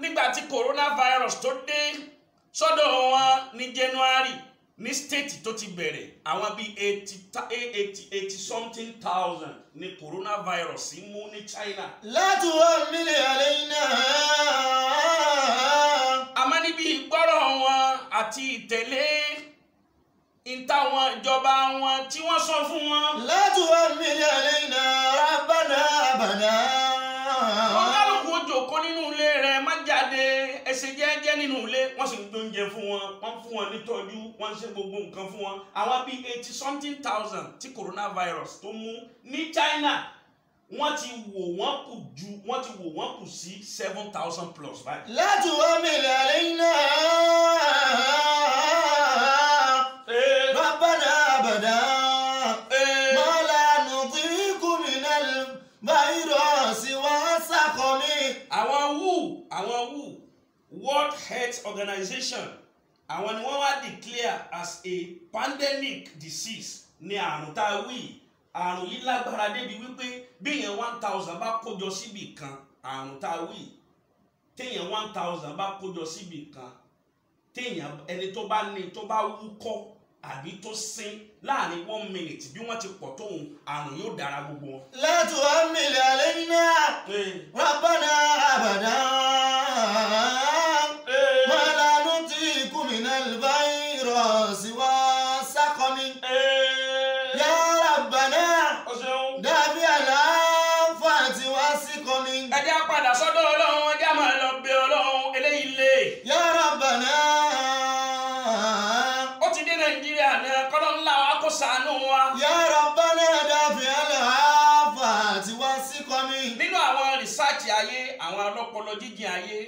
nígbà tí coronavirus tó dé sọ́dọ̀ wọn ní January ní state tó ti bẹ̀rẹ̀ àwọn bíi eighty eighty eighty something thousand ni coronavirus mú ní China. láti wá mílíọ̀nù àlẹ́ náà. àmọ́ níbi ìgbọ́rọ̀ wọn àti ìtẹ̀lé ìtàwọn ìjọba wọn tí wọ́n sọ fún wọn. láti wá mílíọ̀nù àlẹ́ náà abànà abànà. wọ́n kálukú jòkó nínú ilé rẹ̀ má jáde ẹ ṣe nínú ilé wọ́n sì ń gbé oúnjẹ fún wọn wọ́n fún wọn nítọ́jú wọ́n ṣe gbogbo nǹkan fún wọn àwọn bíi eighty something thousand tí coronavirus tó mú ní China wọ́n ti wò wọ́n kù ju wọ́n ti wò wọ́n kù sí seven thousand plus báyìí. láti wá àwọn who World Health Organization àwọn ni wọ́n wá declare as a pandemic disease ní àrùn tá a wí àrùn yìí lágbára débi wípé bíyẹn one thousand bá kójọ síbì kan àrùn tá a wí téèyàn one thousand bá kójọ síbì kan téèyàn ẹni tó bá ní tó bá wúkọ́ àbí tó sín láàrin one minute bí wọ́n ti pọ̀ tóun àrùn yóò dára gbogbo wọn. látò àmìlẹ̀ àlẹ́ yín náà rábà kọ́lọ́ ńlá wa kó sànú wa. Ya Rabbana dàbí ẹlẹ́hàfà àti wá sí kọ́mí. nínú àwọn rìsáàtì ayé àwọn ọlọ́pọlọ jíjìn ayé